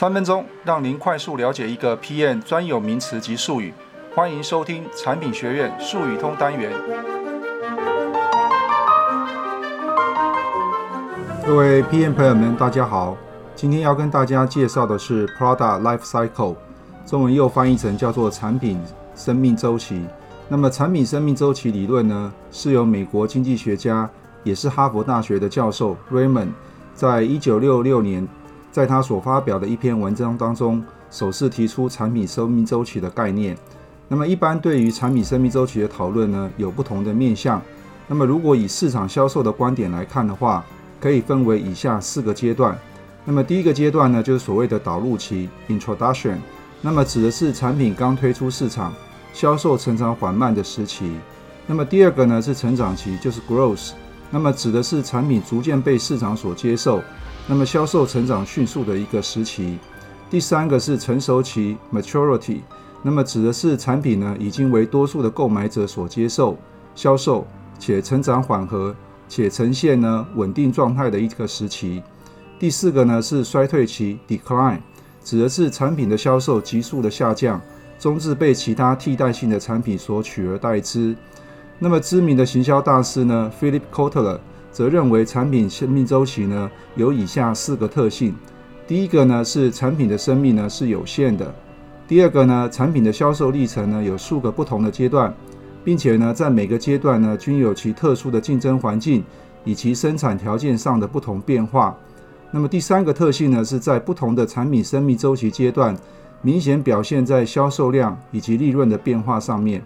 三分鐘讓您快速了解一個 PM 專有名詞及術語，歡迎收聽產品學院術語通單元。各位 PM 朋友們，大家好，今天要跟大家介紹的是 Product Life Cycle，中文又翻譯成叫做產品生命周期。那麼產品生命周期理論呢，是由美國經濟學家，也是哈佛大學的教授 Raymond，在一九六六年，在他所發表的一篇文章當中，首次提出產品生命周期的概念。那麼，一般對於產品生命周期的討論呢，有不同的面向。那麼，如果以市場銷售的觀點來看的話，可以分為以下四個階段。那麼，第一個階段呢，就是所謂的導入期 （Introduction），那麼指的是產品剛推出市場，銷售成長緩慢的時期。那麼，第二個呢，是成長期，就是 Growth。那麼指的是產品逐漸被市場所接受，那麼銷售成長迅速的一個時期。第三個是成熟期 （maturity），那麼指的是產品呢已經為多數的購買者所接受，銷售且成長緩和，且呈現呢穩定狀態的一個時期。第四個呢是衰退期 （decline），指的是產品的銷售急速的下降，終至被其他替代性的產品所取而代之。那麼知名的行銷大師呢，Philip Kotler 則認為，產品生命週期呢有以下四個特性。第一個呢是產品的生命呢是有限的。第二個呢，產品的銷售歷程呢有數個不同的階段，並且呢在每個階段呢均有其特殊的競爭環境以及生產條件上的不同變化。那麼第三個特性呢是在不同的產品生命週期階段，明顯表現在銷售量以及利潤的變化上面。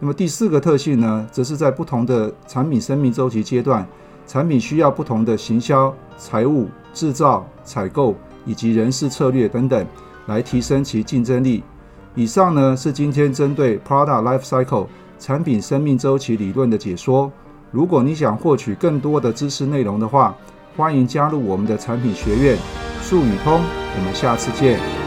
那麼第四個特性呢，則是在不同的產品生命周期階段，產品需要不同的行銷、財務、製造、採購以及人事策略等等，來提升其競爭力。以上呢，是今天針對 Product Life Cycle 產品生命周期理論的解說。如果你想獲取更多的知識內容的話，歡迎加入我們的產品學院，術語通。我們下次見。